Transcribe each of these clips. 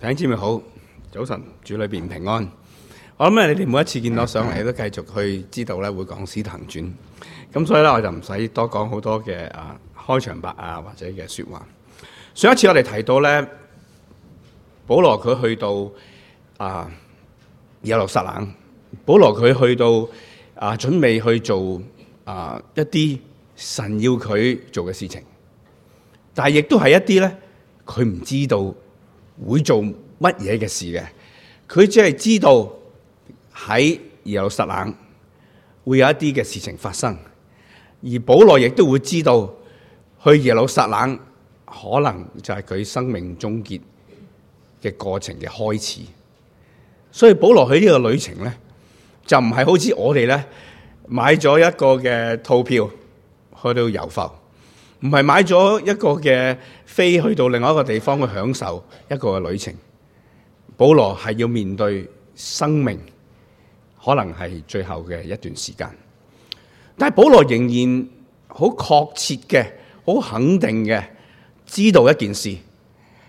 弟兄姊妹好，早晨主裏邊平安。我諗你哋每一次見到上嚟都繼續去知道咧，會講《使徒行傳》。咁所以咧，我就唔使多講好多嘅啊開場白啊，或者嘅說話。上一次我哋提到咧，保羅佢去到啊耶路撒冷，保羅佢去到啊準備去做啊一啲神要佢做嘅事情，但係亦都係一啲咧，佢唔知道。會做乜嘢嘅事嘅？佢只係知道喺耶路撒冷會有一啲嘅事情發生，而保羅亦都會知道去耶路撒冷可能就係佢生命終結嘅過程嘅開始。所以保羅喺呢個旅程咧，就唔係好似我哋咧，買咗一個嘅套票去到油埠。唔係買咗一個嘅飛去到另外一個地方去享受一個嘅旅程，保羅係要面對生命，可能係最後嘅一段時間。但係保羅仍然好確切嘅、好肯定嘅，知道一件事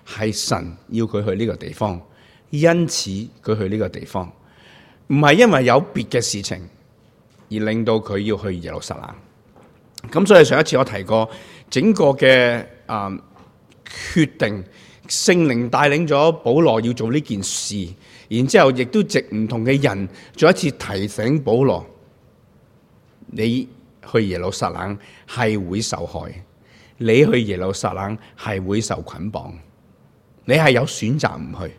係神要佢去呢個地方，因此佢去呢個地方，唔係因為有別嘅事情而令到佢要去耶路撒冷。咁所以上一次我提過。整個嘅決定，聖靈帶領咗保羅要做呢件事，然之後亦都藉唔同嘅人，再一次提醒保羅：你去耶路撒冷係會受害，你去耶路撒冷係會受捆綁，你係有選擇唔去。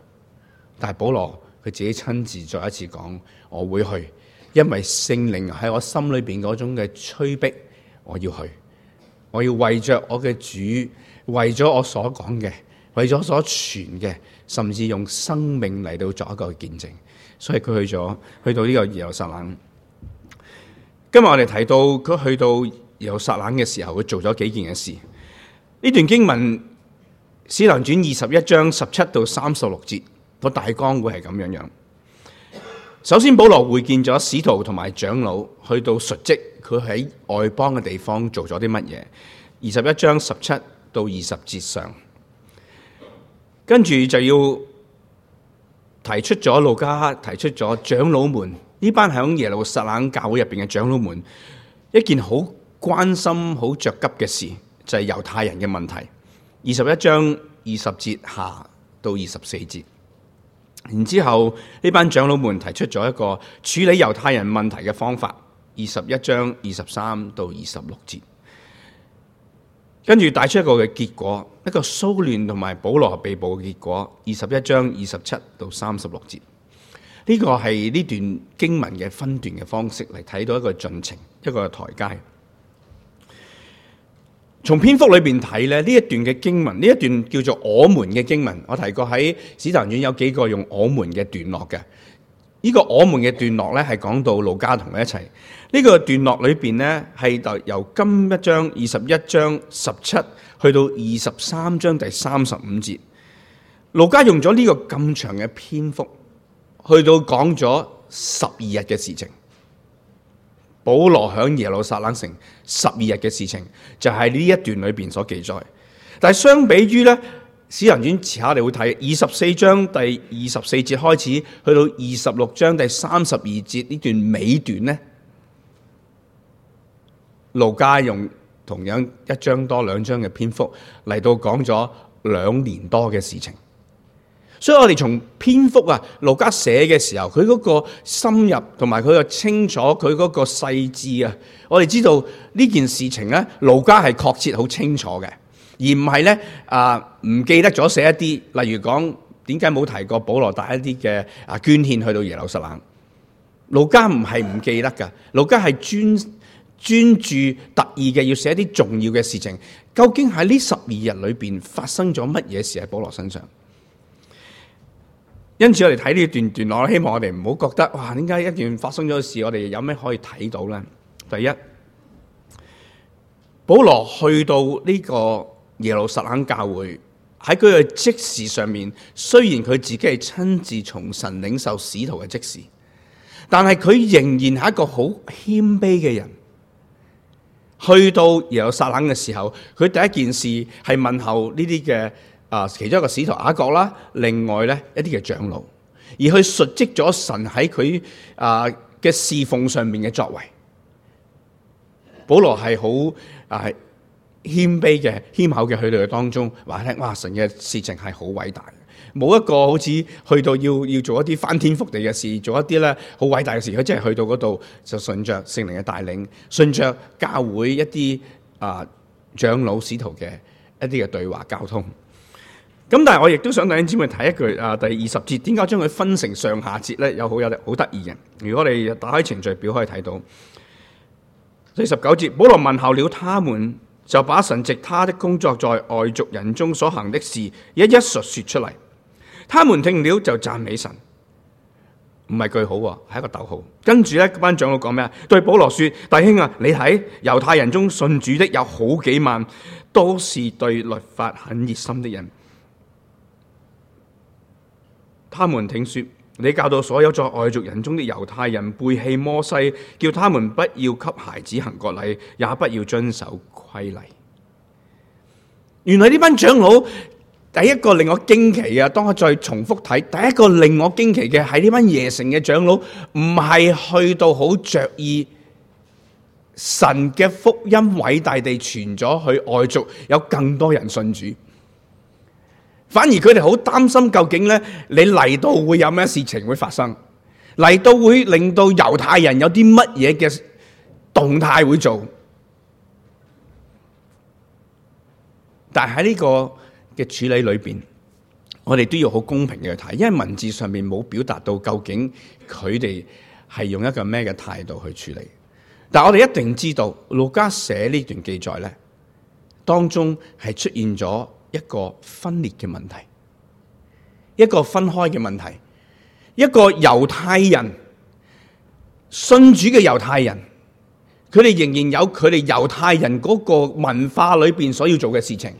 但係保羅佢自己親自再一次講：我會去，因為聖靈喺我心裏邊嗰種嘅催逼，我要去。我要為着我嘅主，為咗我所講嘅，為咗所傳嘅，甚至用生命嚟到作一個見證。所以佢去咗，去到呢個耶路撒冷。今日我哋提到佢去到耶路撒冷嘅時候，佢做咗幾件嘅事。呢段經文《使徒行傳》二十一章十七到三十六節，個大綱會係咁樣樣。首先，保羅會見咗使徒同埋長老，去到述職，佢喺外邦嘅地方做咗啲乜嘢？二十一章十七到二十節上，跟住就要提出咗路加，提出咗長老們呢班喺耶路撒冷教會入邊嘅長老們一件好關心、好着急嘅事，就係、是、猶太人嘅問題。二十一章二十節下到二十四節。然之後，呢班長老們提出咗一個處理猶太人問題嘅方法，二十一章二十三到二十六節。跟住帶出一個嘅結果，一個騷亂同埋保羅被捕嘅結果，二十一章二十七到三十六節。呢、這個係呢段經文嘅分段嘅方式嚟睇到一個進程，一個台階。從篇幅裏邊睇咧，呢一段嘅經文，呢一段叫做我們嘅經文。我提過喺使徒行傳有幾個用我們嘅段落嘅。呢、呢個我們嘅段落呢，係講到路加同佢一齊。呢個段落裏邊呢，係由今一章二十一章十七去到二十三章第三十五節。路加用咗呢個咁長嘅篇幅，去到講咗十二日嘅事情。保羅喺耶路撒冷城十二日嘅事情，就喺、是、呢一段裏邊所記載。但係相比於咧，使徒行傳遲下我哋會睇二十四章第二十四節開始，去到二十六章第三十二節呢段，尾段呢，路加用同樣一章多兩章嘅篇幅嚟到講咗兩年多嘅事情。所以我哋從篇幅啊，路加寫嘅時候，佢嗰個深入同埋佢嘅清楚，佢嗰個細緻啊，我哋知道呢件事情咧，路加係確切好清楚嘅，而唔係咧啊唔記得咗寫一啲，例如講點解冇提過保羅帶一啲嘅啊捐獻去到耶路撒冷。路加唔係唔記得㗎，路加係專專注特意嘅要寫啲重要嘅事情。究竟喺呢十二日裏邊發生咗乜嘢事喺保羅身上？因此我哋睇呢段段落，我希望我哋唔好覺得哇，點解一段發生咗事，我哋有咩可以睇到咧？第一，保羅去到呢個耶路撒冷教會，喺佢嘅職事上面，雖然佢自己係親自從神領受使徒嘅職事，但係佢仍然係一個好謙卑嘅人。去到耶路撒冷嘅時候，佢第一件事係問候呢啲嘅。啊，其中一個使徒雅各啦，另外咧，一啲嘅長老，而佢述職咗神喺佢啊嘅侍奉上面嘅作為。保羅係好啊謙卑嘅謙厚嘅，佢哋當中話聽，哇，神嘅事情係好偉大嘅，冇一個好似去到要要做一啲翻天覆地嘅事，做一啲咧好偉大嘅事，佢真係去到嗰度就順著聖靈嘅帶領，順著教會一啲啊長老使徒嘅一啲嘅對話交通。咁但係我亦都想弟兄姊妹睇一句啊，第二十節，點解將佢分成上下節呢？有好有好得意嘅。如果你打開程序表可以睇到，十九節保羅問候了他們，就把神藉他的工作在外族人中所行的事一一述說出嚟。他們聽了就讚美神，唔係句好，係一個逗號。跟住呢，班長老講咩啊？對保羅說：弟兄啊，你睇猶太人中信主的有好幾萬，都是對律法很熱心的人。他們聽說你教導所有在外族人中的猶太人背棄摩西，叫他們不要給孩子行割禮，也不要遵守規例。原來呢班長老第一個令我驚奇嘅，當我再重複睇，第一個令我驚奇嘅係呢班耶城嘅長老，唔係去到好着意神嘅福音偉大地傳咗去外族，有更多人信主。反而佢哋好擔心，究竟咧你嚟到會有咩事情會發生？嚟到會令到猶太人有啲乜嘢嘅動態會做？但係喺呢個嘅處理裏邊，我哋都要好公平嘅去睇，因為文字上面冇表達到究竟佢哋係用一個咩嘅態度去處理。但係我哋一定知道，路加寫呢段記載咧，當中係出現咗。一個分裂嘅問題，一個分開嘅問題，一個猶太人信主嘅猶太人，佢哋仍然有佢哋猶太人嗰個文化裏邊所要做嘅事情，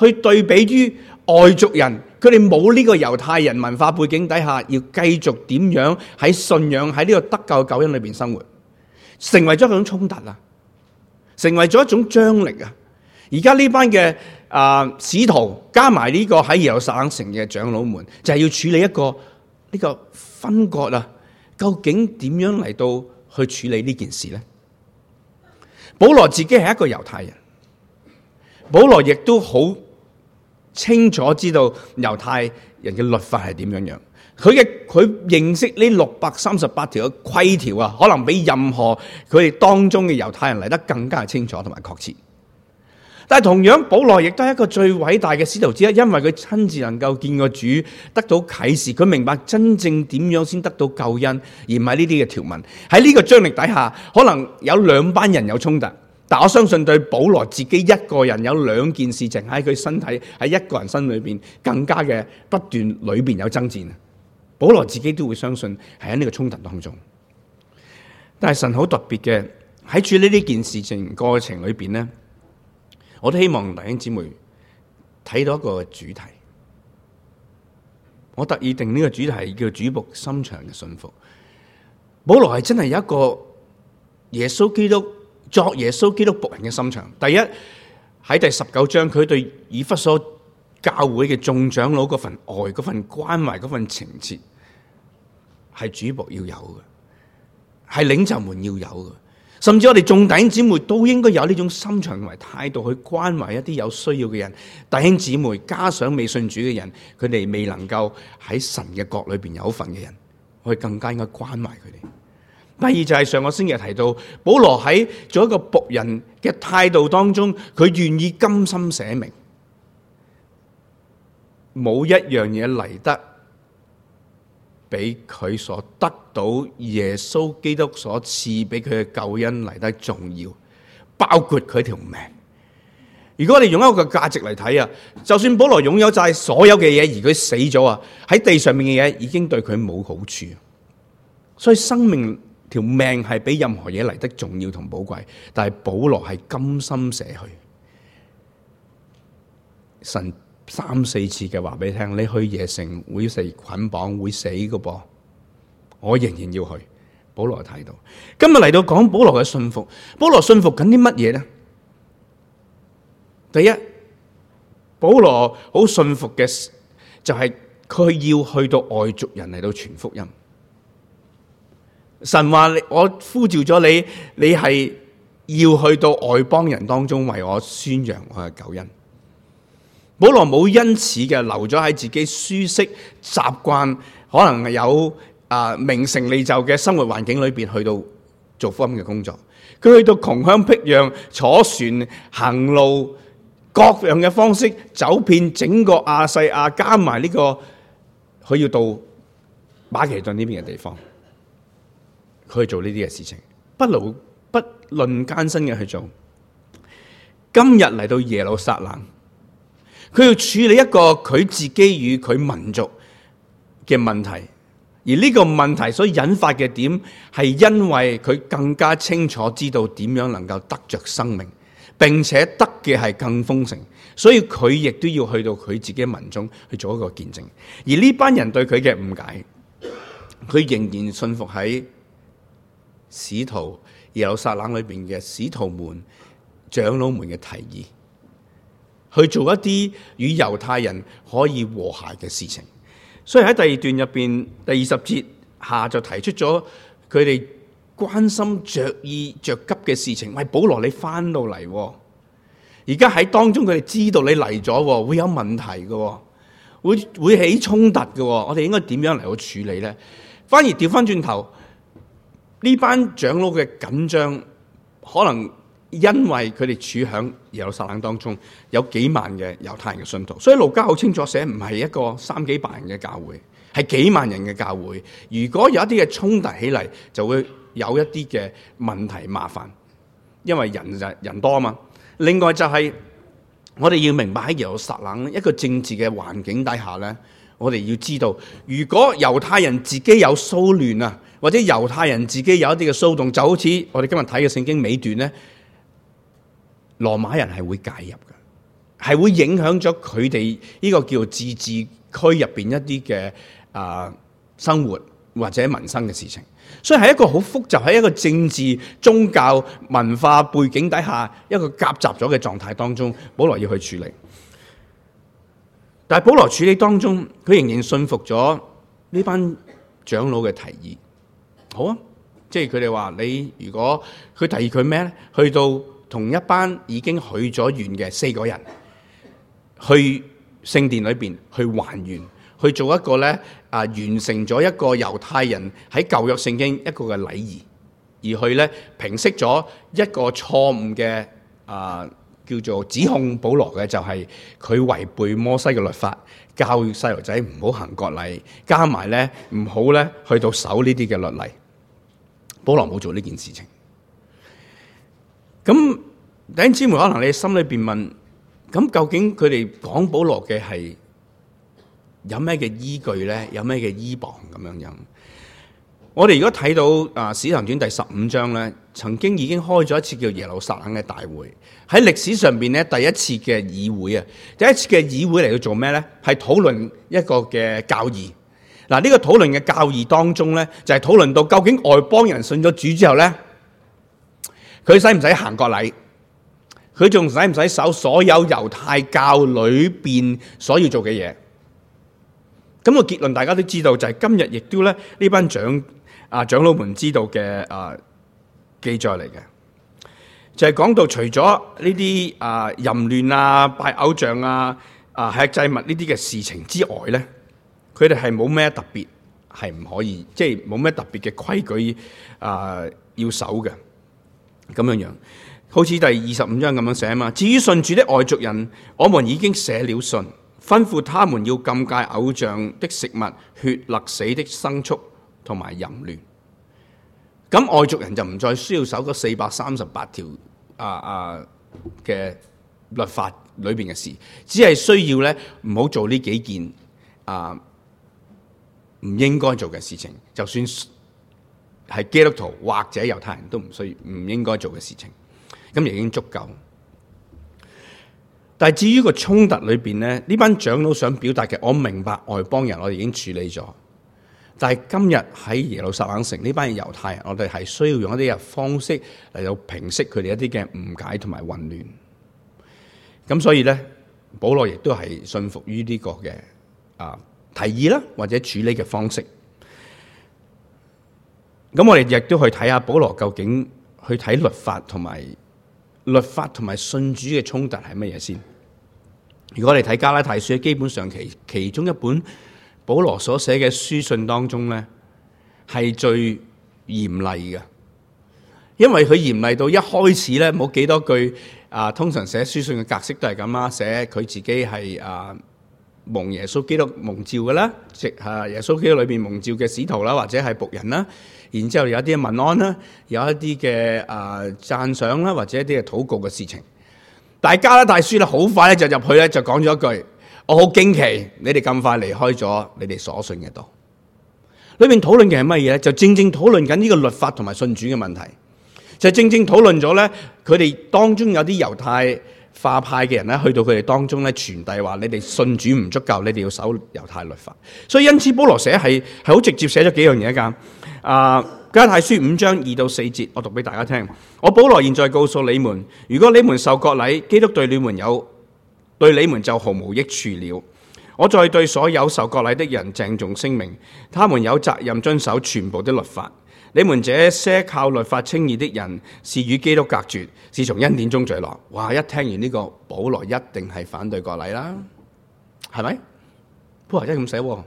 去對比於外族人，佢哋冇呢個猶太人文化背景底下，要繼續點樣喺信仰喺呢個得救嘅救恩裏邊生活，成為咗一種衝突啊，成為咗一種張力啊，而家呢班嘅。啊！使徒加埋呢個喺耶路撒冷城嘅長老們，就係、是、要處理一個呢、這個分割啊。究竟點樣嚟到去處理呢件事咧？保羅自己係一個猶太人，保羅亦都好清楚知道猶太人嘅律法係點樣樣。佢嘅佢認識呢六百三十八條嘅規條啊，可能比任何佢哋當中嘅猶太人嚟得更加清楚同埋確切。但係同樣，保羅亦都係一個最偉大嘅使徒之一，因為佢親自能夠見個主，得到啟示，佢明白真正點樣先得到救恩，而唔係呢啲嘅條文。喺呢個張力底下，可能有兩班人有衝突，但我相信對保羅自己一個人有兩件事情，喺佢身體喺一個人身裏邊，更加嘅不斷裏邊有爭戰。保羅自己都會相信係喺呢個衝突當中。但係神好特別嘅，喺處理呢件事情過程裏邊呢，我都希望弟兄姊妹睇到一個主題。我特意定呢個主題叫主僕心腸嘅順服。保羅係真係有一個耶穌基督作耶穌基督僕人嘅心腸。第一喺第十九章，佢對以弗所教會嘅眾長老嗰份愛、嗰份關懷、嗰份情切，係主僕要有嘅，係領袖們要有嘅。甚至我哋眾弟兄姊妹都應該有呢種心腸同埋態度去關懷一啲有需要嘅人，弟兄姊妹加上未信主嘅人，佢哋未能夠喺神嘅國裏面有份嘅人，我哋更加應該關懷佢哋。第二就係上個星期提到，保羅喺做一個僕人嘅態度當中，佢願意甘心寫明，冇一樣嘢嚟得比佢所得到耶穌基督所賜俾佢嘅救恩嚟得重要，包括佢條命。如果我哋用一個價值嚟睇啊，就算保羅擁有晒所有嘅嘢，而佢死咗啊，喺地上面嘅嘢已經對佢冇好處。所以生命條命係比任何嘢嚟得重要同寶貴，但係保羅係甘心捨去神。三四次嘅話俾你聽，你去耶城會受捆綁，會死嘅噃。我仍然要去。保羅睇到，今日嚟到講保羅嘅信服。保羅信服緊啲乜嘢呢？第一，保羅好信服嘅就係佢要去到外族人嚟到傳福音。神話我呼召咗你，你係要去到外邦人當中為我宣揚我嘅救恩。保羅冇因此嘅留咗喺自己舒適、習慣，可能有啊、呃、名成利就嘅生活環境裏邊，去到做福音嘅工作。佢去到窮鄉僻壤，坐船、行路，各樣嘅方式走遍整個亞細亞，加埋呢、這個，佢要到馬其頓呢邊嘅地方，佢做呢啲嘅事情。不勞不論艱辛嘅去做。今日嚟到耶路撒冷。佢要處理一個佢自己與佢民族嘅問題，而呢個問題所引發嘅點係因為佢更加清楚知道點樣能夠得着生命，並且得嘅係更豐盛，所以佢亦都要去到佢自己民眾去做一個見證。而呢班人對佢嘅誤解，佢仍然信服喺使徒，耶路撒冷裏面嘅使徒們、長老們嘅提議。去做一啲與猶太人可以和諧嘅事情，所以喺第二段入邊第二十節下就提出咗佢哋關心着意着急嘅事情。喂，保羅，你翻到嚟，而家喺當中佢哋知道你嚟咗，會有問題嘅，會會起衝突嘅。我哋應該點樣嚟去處理呢？反而調翻轉頭，呢班長老嘅緊張可能。因為佢哋處喺耶路撒冷當中，有幾萬嘅猶太人嘅信徒，所以路加好清楚寫，唔係一個三幾百人嘅教會，係幾萬人嘅教會。如果有一啲嘅衝突起嚟，就會有一啲嘅問題麻煩，因為人人人多啊嘛。另外就係、是、我哋要明白喺耶路撒冷一個政治嘅環境底下呢，我哋要知道，如果猶太人自己有騷亂啊，或者猶太人自己有一啲嘅騷動，就好似我哋今日睇嘅聖經尾段呢。羅馬人係會介入嘅，係會影響咗佢哋呢個叫自治區入邊一啲嘅啊生活或者民生嘅事情，所以係一個好複雜喺一個政治、宗教、文化背景底下一個夾雜咗嘅狀態當中，保羅要去處理。但係保羅處理當中，佢仍然信服咗呢班長老嘅提議。好啊，即係佢哋話你如果佢提議佢咩咧，去到。同一班已經許咗願嘅四個人，去聖殿裏邊去還原，去做一個咧啊、呃、完成咗一個猶太人喺舊約聖經一個嘅禮儀，而去咧平息咗一個錯誤嘅啊叫做指控保羅嘅，就係佢違背摩西嘅律法，教細路仔唔好行割禮，加埋呢唔好呢去到守呢啲嘅律例。保羅冇做呢件事情。咁弟兄姊妹，可能你心裏邊問：咁究竟佢哋講保羅嘅係有咩嘅依據咧？有咩嘅依傍咁樣樣？我哋如果睇到啊《使徒行傳》第十五章咧，曾經已經開咗一次叫耶路撒冷嘅大會，喺歷史上邊咧第一次嘅議會啊，第一次嘅議會嚟到做咩咧？係討論一個嘅教義。嗱、啊，呢、呢個討論嘅教義當中咧，就係、是、討論到究竟外邦人信咗主之後咧。佢使唔使行割禮？佢仲使唔使守所有猶太教裏邊所要做嘅嘢？咁、那個結論大家都知道，就係、是、今日亦都咧呢班長啊長老們知道嘅啊記載嚟嘅，就係、是、講到除咗呢啲啊淫亂啊拜偶像啊啊食祭物呢啲嘅事情之外咧，佢哋係冇咩特別係唔可以，即係冇咩特別嘅規矩啊要守嘅。咁樣樣，好似第二十五章咁樣寫嘛。至於信主的外族人，我們已經寫了信，吩咐他們要禁戒偶像的食物、血、勒死的牲畜同埋淫亂。咁外族人就唔再需要守嗰四百三十八條啊啊嘅律法裏邊嘅事，只係需要呢唔好做呢幾件啊唔應該做嘅事情，就算。係基督徒或者猶太人都唔需要、唔應該做嘅事情，咁亦已經足夠。但係至於個衝突裏邊咧，呢班長老想表達嘅，我明白外邦人我哋已經處理咗。但係今日喺耶路撒冷城呢班嘅猶太人，我哋係需要用一啲嘅方式嚟到平息佢哋一啲嘅誤解同埋混亂。咁所以咧，保羅亦都係信服於呢個嘅啊提議啦，或者處理嘅方式。咁我哋亦都去睇下保羅究竟去睇律法同埋律法同埋信主嘅衝突係乜嘢先？如果我哋睇加拉太書，基本上其其中一本保羅所寫嘅書信當中咧，係最嚴厲嘅，因為佢嚴厲到一開始咧冇幾多句啊，通常寫書信嘅格式都係咁啦，寫佢自己係啊蒙耶穌基督蒙召嘅啦，即係耶穌基督裏面蒙召嘅使徒啦，或者係僕人啦。然之後有一啲文案啦，有一啲嘅啊讚賞啦，或者一啲嘅禱告嘅事情。大家咧，大書咧，好快咧就入去咧就講咗一句：我好驚奇，你哋咁快離開咗你哋所信嘅道。裏面討論嘅係乜嘢咧？就正正討論緊呢個律法同埋信主嘅問題，就正正討論咗咧。佢哋當中有啲猶太化派嘅人咧，去到佢哋當中咧傳遞話：你哋信主唔足夠，你哋要守猶太律法。所以因此，保羅寫係係好直接寫咗幾樣嘢㗎。啊，加太，uh, 書五章二到四節，我讀俾大家聽。我保羅現在告訴你們，如果你們受割禮，基督對你們有對你們就毫無益處了。我再對所有受割禮的人鄭重聲明，他們有責任遵守全部的律法。你們這些靠律法稱義的人，是與基督隔絕，是從恩典中墜落。哇！一聽完呢、這個，保羅一定係反對割禮啦，係咪？保羅真係咁寫喎。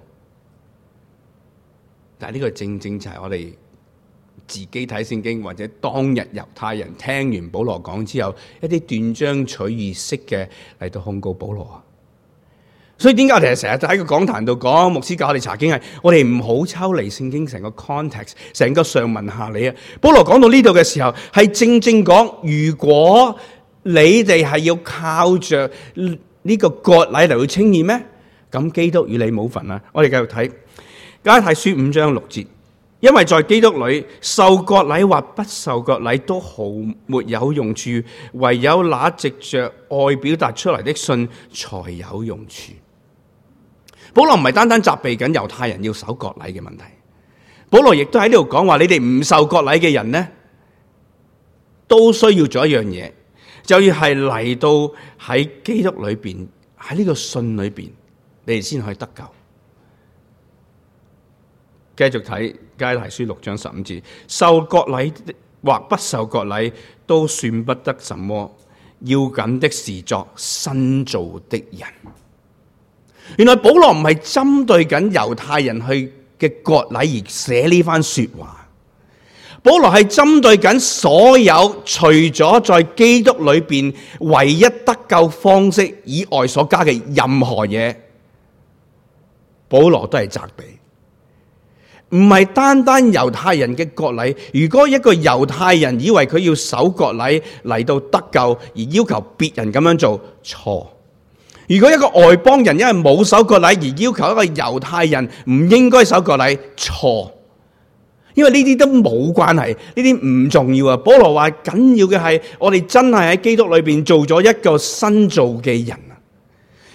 但係呢個正正就係我哋自己睇聖經，或者當日猶太人聽完保羅講之後，一啲斷章取義式嘅嚟到控告保羅啊！所以點解我哋成日喺個講壇度講牧師教我哋查經係，我哋唔好抽離聖經成個 context，成個上文下理啊！保羅講到呢度嘅時候，係正正講，如果你哋係要靠着呢個割禮嚟去稱義咩？咁基督與你冇份啊！我哋繼續睇。加太書五章六節，因為在基督裏受割禮或不受割禮都毫沒有用處，唯有那藉着愛表達出來的信才有用處。保羅唔係單單責備緊猶太人要守割禮嘅問題，保羅亦都喺呢度講話：你哋唔受割禮嘅人呢，都需要做一樣嘢，就要係嚟到喺基督裏邊，喺呢個信裏邊，你哋先可以得救。繼續睇《加拉太書》六章十五字：受割禮或不受割禮都算不得什麼，要緊的是作新造的人。原來保羅唔係針對緊猶太人去嘅割禮而寫呢番說話，保羅係針對緊所有除咗在基督裏邊唯一得救方式以外所加嘅任何嘢，保羅都係責備。唔係單單猶太人嘅割禮。如果一個猶太人以為佢要守割禮嚟到得救，而要求別人咁樣做，錯。如果一個外邦人因為冇守割禮而要求一個猶太人唔應該守割禮，錯。因為呢啲都冇關係，呢啲唔重要啊。保羅話緊要嘅係，我哋真係喺基督裏邊做咗一個新造嘅人。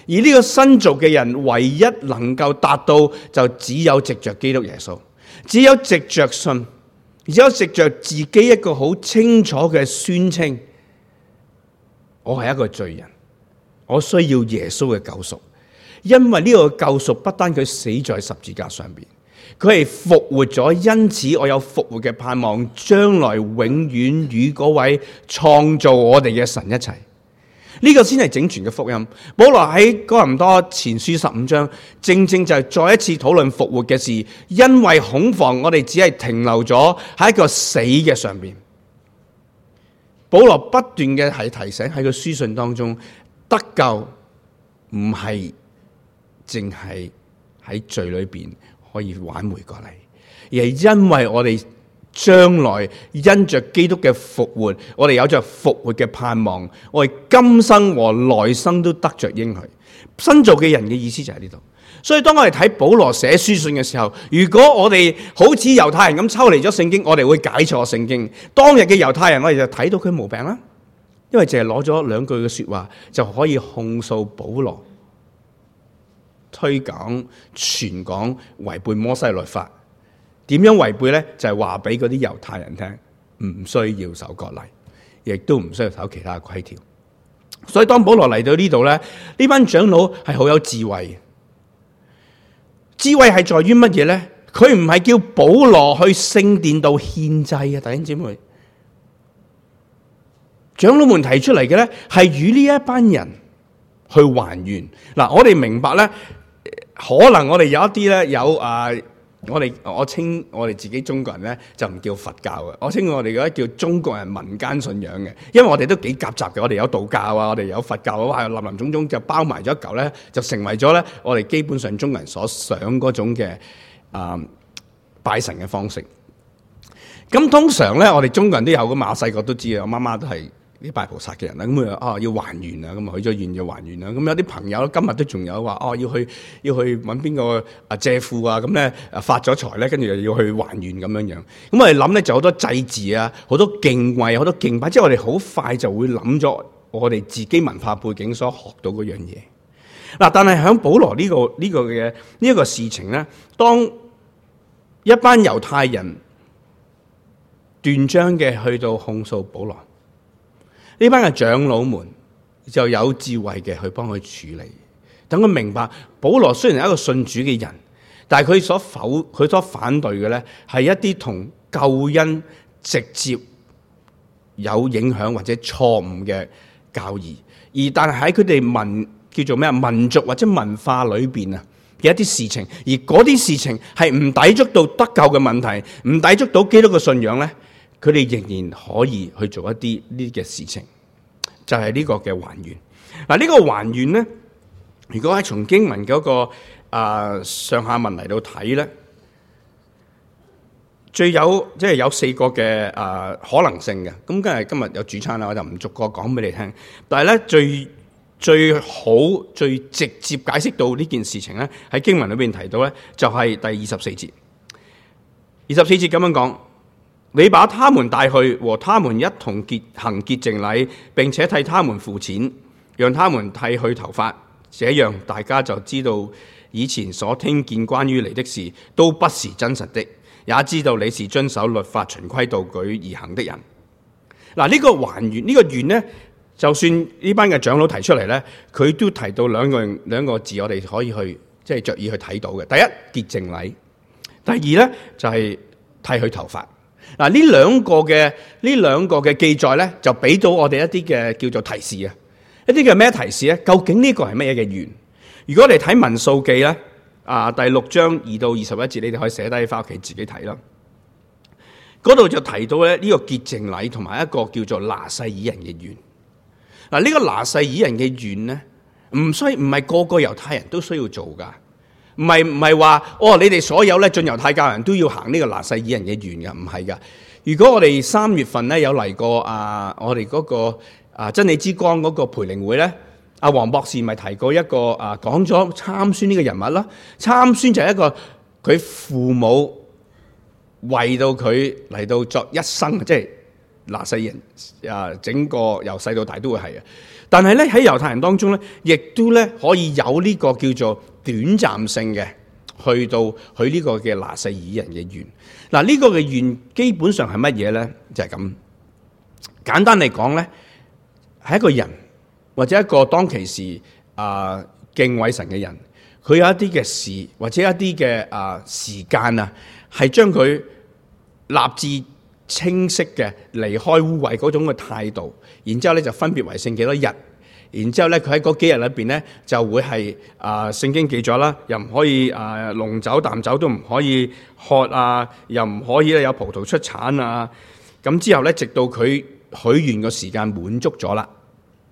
而呢個新造嘅人，唯一能夠達到就只有藉着基督耶穌，只有藉着信，只有藉着自己一個好清楚嘅宣稱：我係一個罪人，我需要耶穌嘅救贖。因為呢個救贖不單佢死在十字架上邊，佢係復活咗，因此我有復活嘅盼望，將來永遠與嗰位創造我哋嘅神一齊。呢個先係整全嘅福音。保羅喺哥林多前書十五章，正正就係再一次討論復活嘅事。因為恐慌，我哋只係停留咗喺一個死嘅上邊。保羅不斷嘅係提醒喺個書信當中，得救唔係淨係喺罪裏邊可以挽回過嚟，而係因為我哋。將來因着基督嘅復活，我哋有着復活嘅盼望，我哋今生和來生都得着應許。新造嘅人嘅意思就喺呢度。所以當我哋睇保羅寫書信嘅時候，如果我哋好似猶太人咁抽離咗聖經，我哋會解錯聖經。當日嘅猶太人，我哋就睇到佢毛病啦，因為淨係攞咗兩句嘅說話就可以控訴保羅，推廣全港違背摩西律法。點樣違背咧？就係話俾嗰啲猶太人聽，唔需要守割禮，亦都唔需要守其他規條。所以當保羅嚟到呢度咧，呢班長老係好有智慧。智慧係在於乜嘢咧？佢唔係叫保羅去聖殿度獻祭啊！弟兄姐妹，長老們提出嚟嘅咧，係與呢一班人去還願。嗱，我哋明白咧，可能我哋有一啲咧有、啊我哋我稱我哋自己中國人咧就唔叫佛教嘅，我稱我哋嗰啲叫中國人民間信仰嘅，因為我哋都幾夾雜嘅，我哋有道教啊，我哋有佛教啊，林林總總就包埋咗一嚿咧，就成為咗咧我哋基本上中國人所想嗰種嘅啊、嗯、拜神嘅方式。咁通常咧，我哋中國人都有嘅嘛，我細個都知啊，我媽媽都係。啲拜菩薩嘅人啦，咁啊，哦要還願啊，咁啊去咗願就還願啊。咁有啲朋友今日都仲有話，哦要去要去揾邊個啊借富啊，咁咧啊發咗財咧，跟住又要去還願咁樣樣。咁我哋諗咧，就好多祭祀啊，好多敬畏，好多敬拜。即係我哋好快就會諗咗我哋自己文化背景所學到嗰樣嘢。嗱，但係喺保羅呢個呢個嘅呢一個事情咧，當一班猶太人斷章嘅去到控訴保羅。呢班嘅長老們就有智慧嘅去幫佢處理，等佢明白。保羅雖然係一個信主嘅人，但係佢所否佢所反對嘅咧，係一啲同救恩直接有影響或者錯誤嘅教義，而但係喺佢哋民叫做咩啊，民族或者文化裏邊啊嘅一啲事情，而嗰啲事情係唔抵觸到得救嘅問題，唔抵觸到基督嘅信仰咧，佢哋仍然可以去做一啲呢嘅事情，就係、是、呢個嘅還願。嗱，呢個還願咧，如果喺從經文嗰、那個誒、呃、上下文嚟到睇咧，最有即係、就是、有四個嘅誒、呃、可能性嘅。咁梗係今日有主餐啦，我就唔逐個講俾你聽。但係咧，最最好最直接解釋到呢件事情咧，喺經文裏邊提到咧，就係、是、第二十四節。二十四節咁樣講。你把他們帶去，和他們一同潔行潔淨禮，並且替他們付錢，讓他們剃去頭髮。這樣大家就知道以前所聽見關於你的事都不是真實的，也知道你是遵守律法、循規蹈矩而行的人。嗱，呢、呢個還願呢、呢個願呢，就算呢班嘅長老提出嚟呢，佢都提到兩個，兩個字，我哋可以去即係着意去睇到嘅。第一，潔淨禮；第二呢，就係、是、剃去頭髮。嗱，呢兩個嘅呢兩個嘅記載咧，就俾到我哋一啲嘅叫做提示啊！一啲叫咩提示咧？究竟呢個係乜嘢嘅願？如果你睇《民數記》咧，啊第六章二到二十一節，你哋可以寫低翻屋企自己睇啦。嗰度就提到咧呢個潔淨禮同埋一個叫做拿細耳人嘅願。嗱，呢個拿細耳人嘅願咧，唔需唔係個個猶太人都需要做噶。唔係唔係話，哦！你哋所有咧進猶太教人都要行呢個拿細耳人嘅願嘅，唔係㗎。如果我哋三月份咧有嚟過啊，我哋嗰、那個啊真理之光嗰個培靈會咧，阿、啊、黃博士咪提過一個啊，講咗參孫呢個人物咯。參孫就係一個佢父母為到佢嚟到作一生，即、就、係、是、拿細耳人啊，整個由細到大都會係啊。但係咧喺猶太人當中咧，亦都咧可以有呢個叫做短暫性嘅，去到佢呢個嘅拿細耳人嘅願。嗱、這、呢個嘅願基本上係乜嘢咧？就係、是、咁簡單嚟講咧，係一個人或者一個當其時啊、呃、敬畏神嘅人，佢有一啲嘅事或者一啲嘅啊時間啊，係將佢立志。清晰嘅離開污穢嗰種嘅態度，然之後咧就分別為聖幾多日，然之後咧佢喺嗰幾日裏邊咧就會係啊、呃、聖經記載啦，又唔可以啊濃、呃、酒淡酒都唔可以喝啊，又唔可以咧有葡萄出產啊，咁之後咧直到佢許願嘅時間滿足咗啦，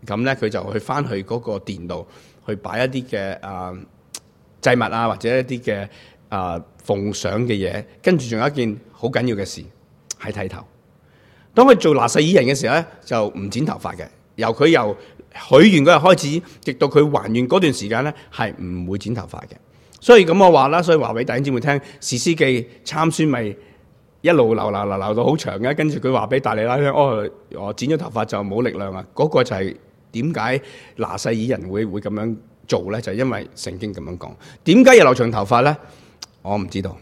咁咧佢就去翻去嗰個殿度去擺一啲嘅啊祭物啊或者一啲嘅啊奉上嘅嘢，跟住仲有一件好緊要嘅事。係剃頭。當佢做拿細耳人嘅時候咧，就唔剪頭髮嘅。由佢由許願嗰日開始，直到佢還願嗰段時間咧，係唔會剪頭髮嘅。所以咁我話啦，所以話俾弟兄姊妹聽，士師記參孫咪一路留留留留到好長嘅。跟住佢話俾大利拉聽，哦，我剪咗頭髮就冇力量啊。嗰個就係點解拿細耳人會會咁樣做咧？就因為聖經咁樣講。點解要留長頭髮咧？我唔知道。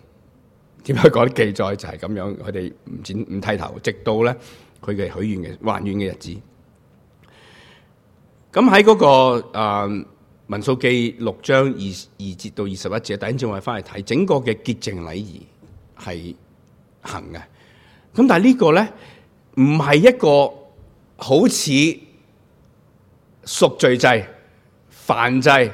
點解嗰啲記載就係咁樣？佢哋唔剪唔剃頭，直到咧佢嘅許願嘅還願嘅日子。咁喺嗰個《啊民數記》六章二二節到二十一節，第一節我哋翻嚟睇，整個嘅潔淨禮儀係行嘅。咁但係呢個咧唔係一個好似贖罪祭、燔祭。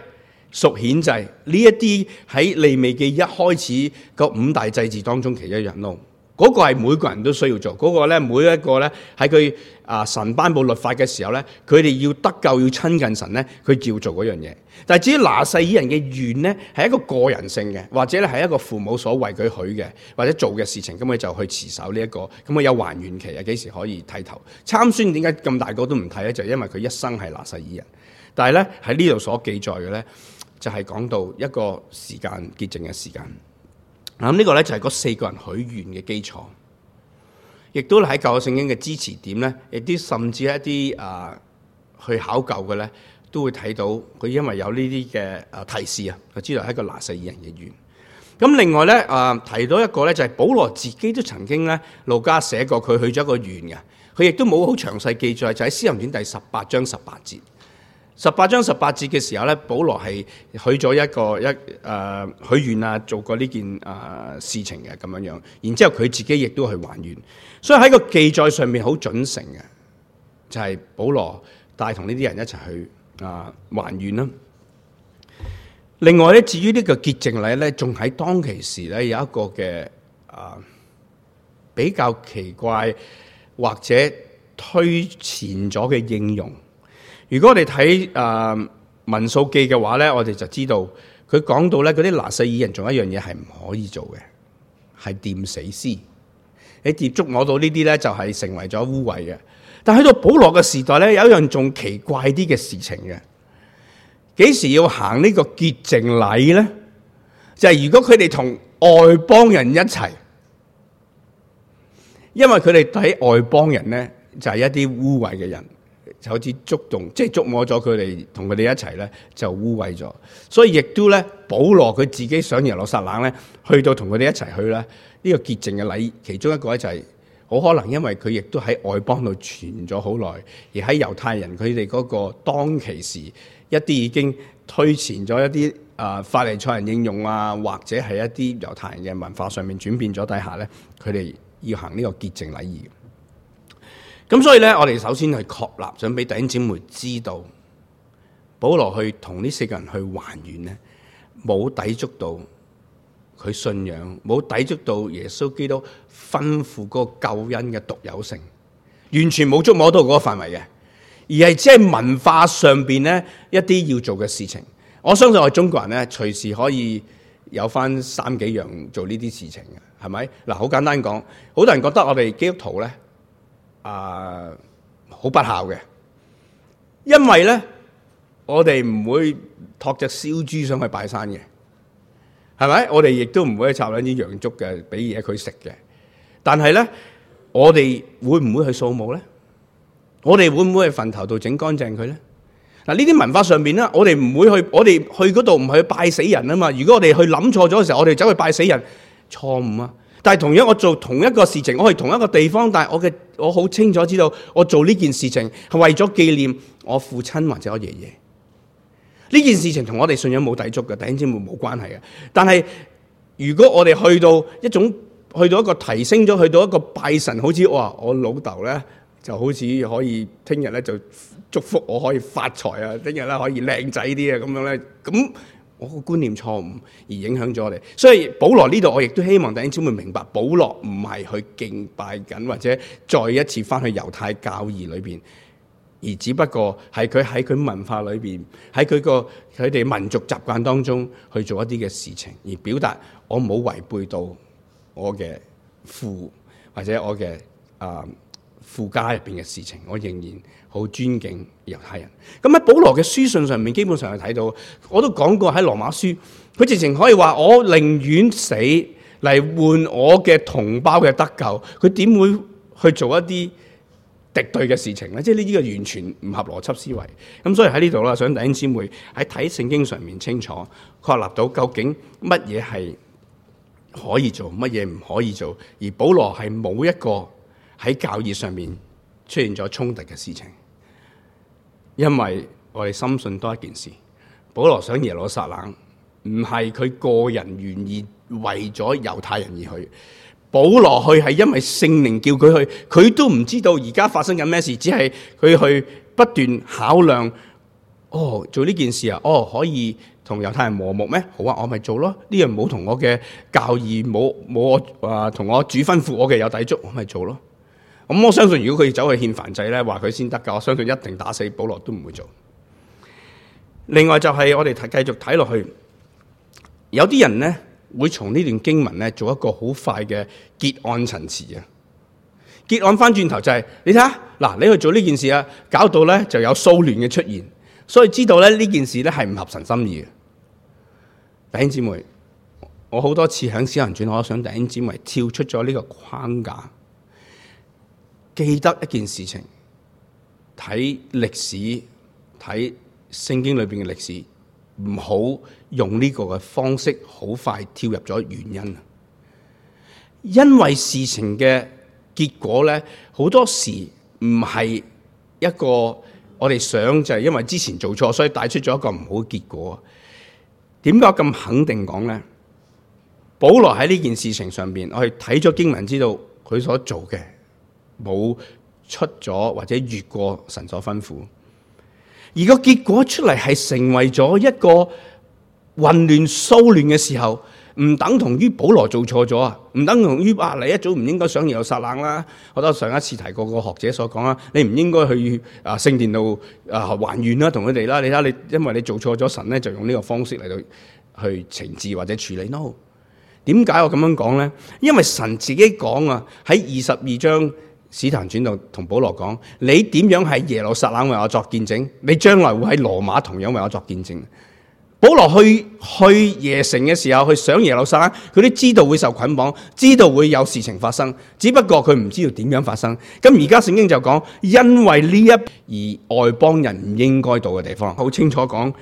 贖愆祭呢一啲喺利未記一開始個五大祭祀當中其中一樣咯，嗰、那個係每個人都需要做嗰、那個咧，每一個咧喺佢啊神頒布律法嘅時候咧，佢哋要得救要親近神咧，佢就要做嗰樣嘢。但係至於拿細耳人嘅願咧，係一個個人性嘅，或者咧係一個父母所為佢許嘅或者做嘅事情，咁佢就去持守呢、這、一個，咁佢有還願期啊，幾時可以剃頭，參孫點解咁大個都唔剃咧？就是、因為佢一生係拿細耳人，但係咧喺呢度所記載嘅咧。就係講到一個時間潔淨嘅時間，咁、嗯、呢、這個咧就係嗰四個人許願嘅基礎，亦都喺舊約聖經嘅支持點咧，亦啲甚至在一啲啊、呃、去考究嘅咧，都會睇到佢因為有呢啲嘅啊提示啊，就知道係一個拿細耳人嘅願。咁、嗯、另外咧啊、呃、提到一個咧就係保羅自己都曾經咧路加寫過佢去咗一個願嘅，佢亦都冇好詳細記載，就喺使徒行傳第十八章十八節。十八章十八節嘅時候咧，保羅係許咗一個一誒、呃、許願啊，做過呢件誒、呃、事情嘅咁樣樣。然之後佢自己亦都去還願，所以喺個記載上面好準成嘅，就係、是、保羅帶同呢啲人一齊去啊、呃、還願啦。另外咧，至於呢個潔淨禮咧，仲喺當其時咧有一個嘅啊、呃、比較奇怪或者推前咗嘅應用。如果我哋睇《啊民數記》嘅話咧，我哋就知道佢講到咧，嗰啲拿細耳人仲有一樣嘢係唔可以做嘅，係掂死屍。你接觸攞到呢啲咧，就係成為咗污穢嘅。但去到保羅嘅時代咧，有一樣仲奇怪啲嘅事情嘅。幾時要行呢個潔淨禮咧？就係、是、如果佢哋同外邦人一齊，因為佢哋睇外邦人咧就係、是、一啲污穢嘅人。有啲觸動，即係觸摸咗佢哋，同佢哋一齊咧就污穢咗。所以亦都咧，保羅佢自己上耶路撒冷咧，去到同佢哋一齊去啦。呢、這個潔淨嘅禮，其中一個就齊、係，好可能因為佢亦都喺外邦度存咗好耐，而喺猶太人佢哋嗰個當其時一啲已經推前咗一啲啊、呃、法利賽人應用啊，或者係一啲猶太人嘅文化上面轉變咗底下咧，佢哋要行呢個潔淨禮儀。咁所以咧，我哋首先係確立，想俾弟兄姊妹知道，保羅去同呢四個人去還原咧，冇抵觸到佢信仰，冇抵觸到耶穌基督吩咐嗰個救恩嘅獨有性，完全冇觸摸到嗰個範圍嘅，而係即係文化上面咧一啲要做嘅事情。我相信我哋中國人咧，隨時可以有翻三幾樣做呢啲事情嘅，係咪？嗱，好簡單講，好多人覺得我哋基督徒咧。啊，好不孝嘅。因為咧，我哋唔會托隻燒豬上去拜山嘅，係咪？我哋亦都唔會去插兩支洋竹嘅，俾嘢佢食嘅。但係咧，我哋會唔會去掃墓咧？我哋會唔會去墳頭度整乾淨佢咧？嗱，呢啲文化上面咧，我哋唔會去，我哋去嗰度唔係去拜死人啊嘛。如果我哋去諗錯咗嘅時候，我哋走去拜死人，錯誤啊！但係同樣我做同一個事情，我去同一個地方，但係我嘅我好清楚知道，我做呢件事情係為咗紀念我父親或者我爺爺。呢件事情同我哋信仰冇抵觸嘅，弟兄姊妹冇關係嘅。但係如果我哋去到一種，去到一個提升咗，去到一個拜神，好似哇，我老豆呢，就好似可以聽日呢就祝福我可以發財啊，聽日呢可以靚仔啲啊，咁樣呢。咁。我個觀念錯誤而影響咗我哋，所以保羅呢度我亦都希望弟兄姊妹明白，保羅唔係去敬拜緊或者再一次返去猶太教義裏邊，而只不過係佢喺佢文化裏邊，喺佢個佢哋民族習慣當中去做一啲嘅事情，而表達我冇違背到我嘅父或者我嘅啊。嗯附加入邊嘅事情，我仍然好尊敬猶太人。咁喺保羅嘅書信上面，基本上係睇到，我都講過喺羅馬書，佢直情可以話我寧願死嚟換我嘅同胞嘅得救。佢點會去做一啲敵對嘅事情咧？即係呢啲嘅完全唔合邏輯思維，咁所以喺呢度啦，想弟兄姊妹喺睇聖經上面清楚確立到究竟乜嘢係可以做，乜嘢唔可以做，而保羅係冇一個。喺教義上面出現咗衝突嘅事情，因為我哋深信多一件事，保羅上耶路撒冷唔係佢個人願意為咗猶太人而去，保羅去係因為聖靈叫佢去，佢都唔知道而家發生緊咩事，只係佢去不斷考量，哦，做呢件事啊，哦，可以同猶太人和睦咩？好啊，我咪做咯。呢樣唔好同我嘅教義冇冇我啊，同我主吩咐我嘅有抵觸，我咪做咯。咁、嗯、我相信，如果佢要走去欠凡仔咧，話佢先得噶。我相信一定打死保羅都唔會做。另外就係、是、我哋睇繼續睇落去，有啲人咧會從呢段經文咧做一個好快嘅結案陳詞啊。結案翻轉頭就係、是，你睇下嗱，你去做呢件事啊，搞到咧就有騷亂嘅出現，所以知道咧呢件事咧係唔合神心意嘅。弟兄姊，姊妹，我好多次喺《使徒行傳，我想弟兄姊，姊妹跳出咗呢個框架。記得一件事情，睇歷史，睇聖經裏邊嘅歷史，唔好用呢個嘅方式好快跳入咗原因啊。因為事情嘅結果呢，好多時唔係一個我哋想就係、是，因為之前做錯，所以帶出咗一個唔好嘅結果。點解咁肯定講呢？保羅喺呢件事情上邊，我係睇咗經文，知道佢所做嘅。冇出咗或者越過神所吩咐，而個結果出嚟係成為咗一個混亂、騷亂嘅時候，唔等同於保羅做錯咗啊，唔等同於阿、啊、你一早唔應該想用殺冷啦。我覺得上一次提過個學者所講啦，你唔應該去啊聖殿度啊還願啦，同佢哋啦，你睇下，你，因為你做錯咗，神咧就用呢個方式嚟到去懲治或者處理。no，點解我咁樣講咧？因為神自己講啊，喺二十二章。史徒轉到同保羅講：你點樣喺耶路撒冷為我作見證？你將來會喺羅馬同樣為我作見證。保羅去去耶城嘅時候，去上耶路撒冷，佢都知道會受捆綁，知道會有事情發生，只不過佢唔知道點樣發生。咁而家聖經就講，因為呢一幫而外邦人唔應該到嘅地方，好清楚講。